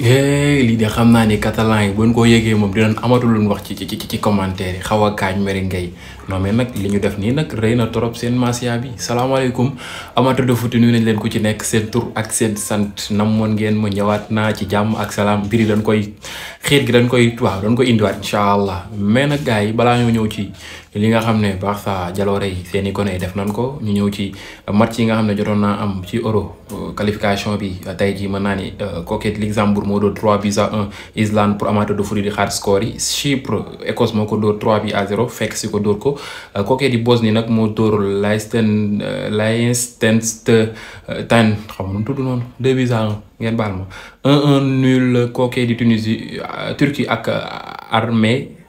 lii de xam naa ni catalan yi buñ ko yëgee moom dinañ amatul wax ci ci ci commentaire yi xaw a gaañ Mary Gueye non mais nag li ñu def nii nag rëy na trop seen masia bi salaamaaleykum amateur de foot nuyu nañ leen ku ci nekk seen tur ak seen sant nam moon ngeen ma ñëwaat naa ci jàmm ak salaam mbir koy xiir gi dañ koy waaw dañ koy indiwaat incha allah mais nag yi balaa ñoo ñëw ci li nga xam ne Barça jaloore yi seen i yi def nañ ko ñu ñëw ci match yi nga xam ne jotoon naa am ci euro euh, qualification bi tey jii mën naa ni euh, Coquette Luxembourg moo doon 3 buts à 1 Islande pour amateur de foot di xaar score yi Chypre Écosse moo ko dóor 3 buts à 0 fekk si ko dóor ko. ko kookee di Bosnie nag moo dóor Liechtenstein euh, Liechtenstein euh, xam nga tudd noonu deux buts à un ngeen baal ma un un nul kookee di Tunisie euh, Turquie ak Arménie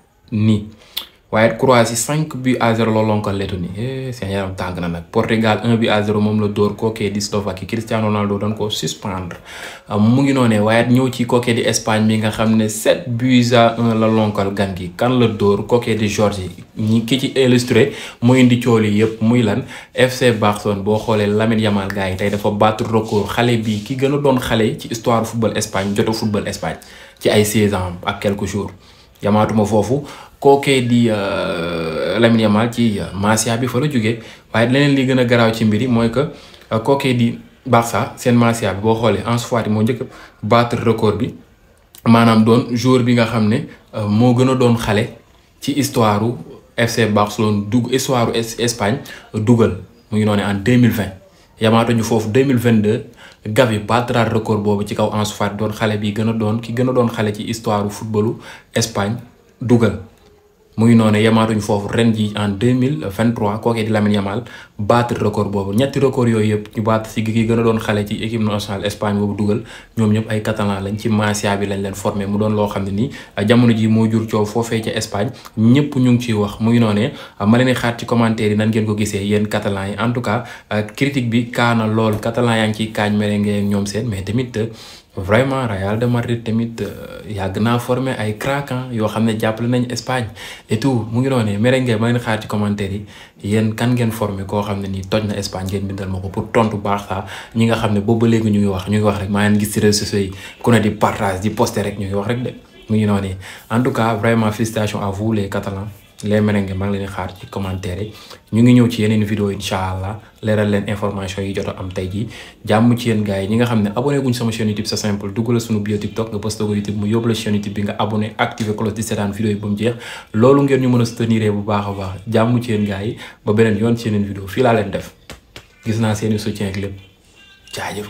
waaye Croatie 5 cinq à 0 la lonkal Lettonie eh seen yaram tàng na nag Portugal 1 but à moom la dóor kookee di Slovaquie Cristiano Ronaldo dañ ko suspendre ah, mu ngi noonee waaye ñëw ci kookee di Espagne bi nga xam ne 7 buts à 1 la lonkal gan gi kan la dóor kookee di Géorgie ñi ki ci illustré mu indi cool yi yëpp muy lan FC Barcelone boo xoolee Lamine Yamal gars yi tey dafa battre record xale bi ki gën a doon xale ci histoire football Espagne jota football Espagne ci ay 16 ak quelques jours. jamaatuma foofu kookee di euh, Lamine Yamal ci euh, Masia bi fa la jógee waaye leneen li gën a garaaw ci mbiri mooy que euh, kookee di Barça seen Masia bi boo xoolee Ansu Fati moo njëkk battre record bi maanaam doon joueur bi nga xam ne moo gën a doon xale ci histoire FC Barcelone dug histoire Espagne dugal mu ngi noonu en 2020 yamaatuñu foofu 2022 Gavi battra record boobu ci kaw Ansu Fati doon xale bi gën a doon ki gën doon xale ci histoire footballu Espagne dugal mu ngi noonu yamaatuñ foofu ren ji en deux mille vingt trois kookee di Lamine Yamal battre record boobu ñetti record yooyu yëpp ñu battre si gi gën a doon xale ci équipe nationale Espagne boobu dugal ñoom ñëpp ay catalan lañ ci Masia bi lañ leen formé mu doon loo xam ne ni jamono ji moo jur coow foofee ca Espagne ñëpp ñu ngi ciy wax mu ngi noonu ma leen ci commentaire yi nan ngeen ko gisee yéen catalan yi en tout cas critique bi kaana lool catalan yaa ngi ciy kaañ merengue ñoom seen mais tamit. vraiment Real de Madrid tamit euh, yàgg naa forme ay crack yoo xam ne jàppale nañ Espagne et mu ngi noonu merengue ma leen xaar ci commentaire yi yéen kan ngeen forme koo xam ne nii toj na Espagne ngeen bindal ma ko pour tontu baax saa ñi nga xam ne boobu ba léegi wax ñuy wax rek maa ngi gis ci réseaux sociaux yi ku ne di partage di poster rek ñu wax rek de mu ngi noonu en tout cas vraiment félicitations à vous les les merengue maa ngi xaar ci commentaire ñu ngi ñëw ci yeneen vidéo incha allah leeral leen information yi jot am tey jii jàmm ci yéen gaa yi ñi nga xam ne abonné guñ sama chaîne YouTube c'est simple dugg la sunu bio TikTok nga posté ko YouTube mu yóbbu la chaîne YouTube bi nga abonné activé cloche di seetaan vidéo yi ba mu jeex loolu ngeen ñu mën a soutenir bu baax a baax jàmm ci yéen gars yi ba beneen yoon ci yeneen vidéo fii laa leen def gis naa seeni soutien ak lépp jaajëf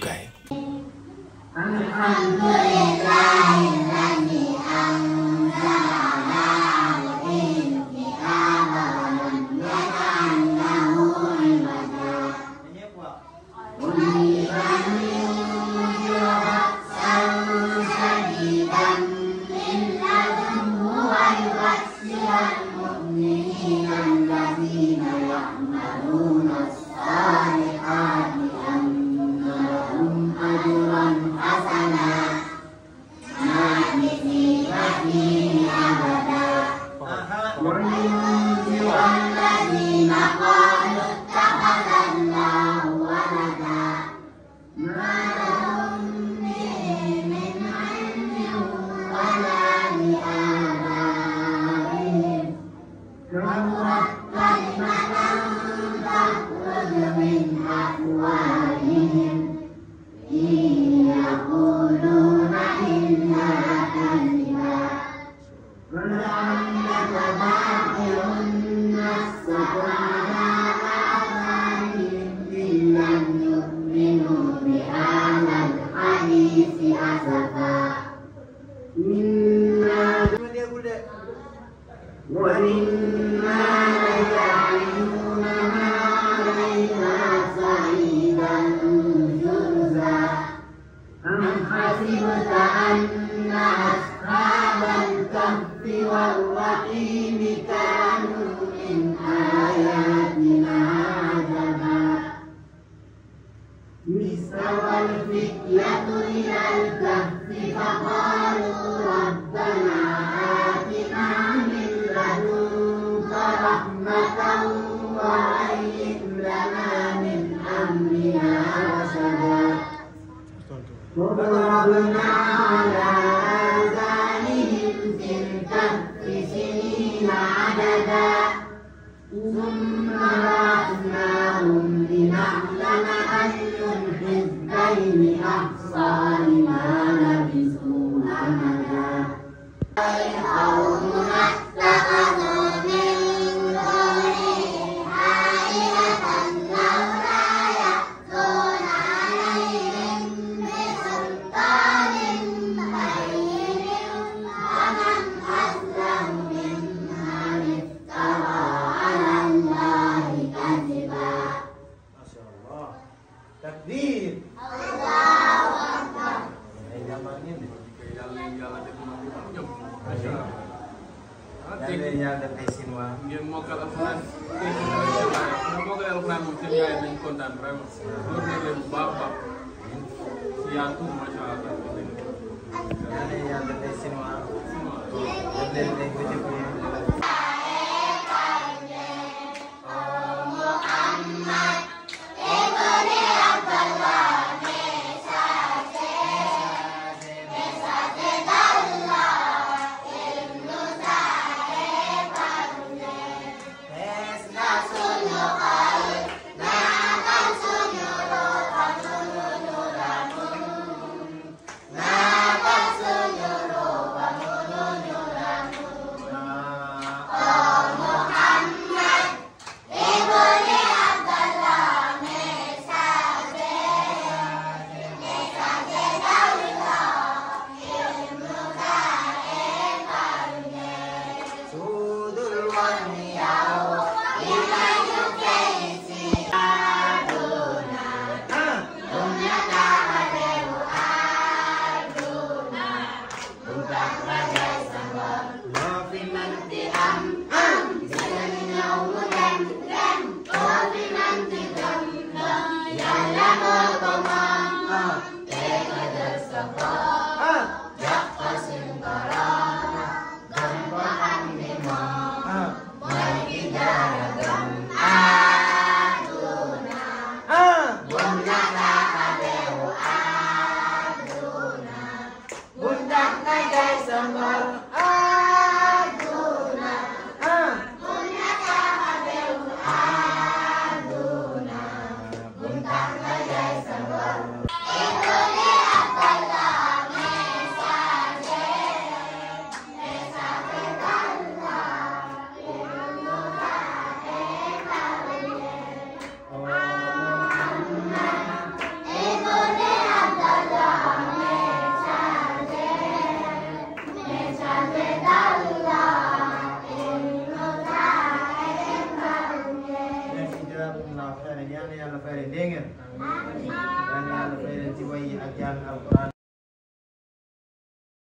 الذين يعملون السوء ومما تجعلون ما علينا صعيدا جرزا أم حسبت أن أصحاب الكهف والرحيم كانوا من آياتنا عجبا استوى الفتية إلى الكهف فقال وضربنا على آذانهم في الكهف سنين عددا ثم بعثناهم لنعلم أي الحزبين أحسن takbir. Allahu Akbar. dañ leen yàlla def ay Sinois. ngeen mokkal alxuraan. ngeen mokkal alxuraan moom seen yaay dañ kontaan vraiment. loolu nag leen bu baax a baax. si yaatu macha allah. dañ leen yàlla def ay Sinois. def leen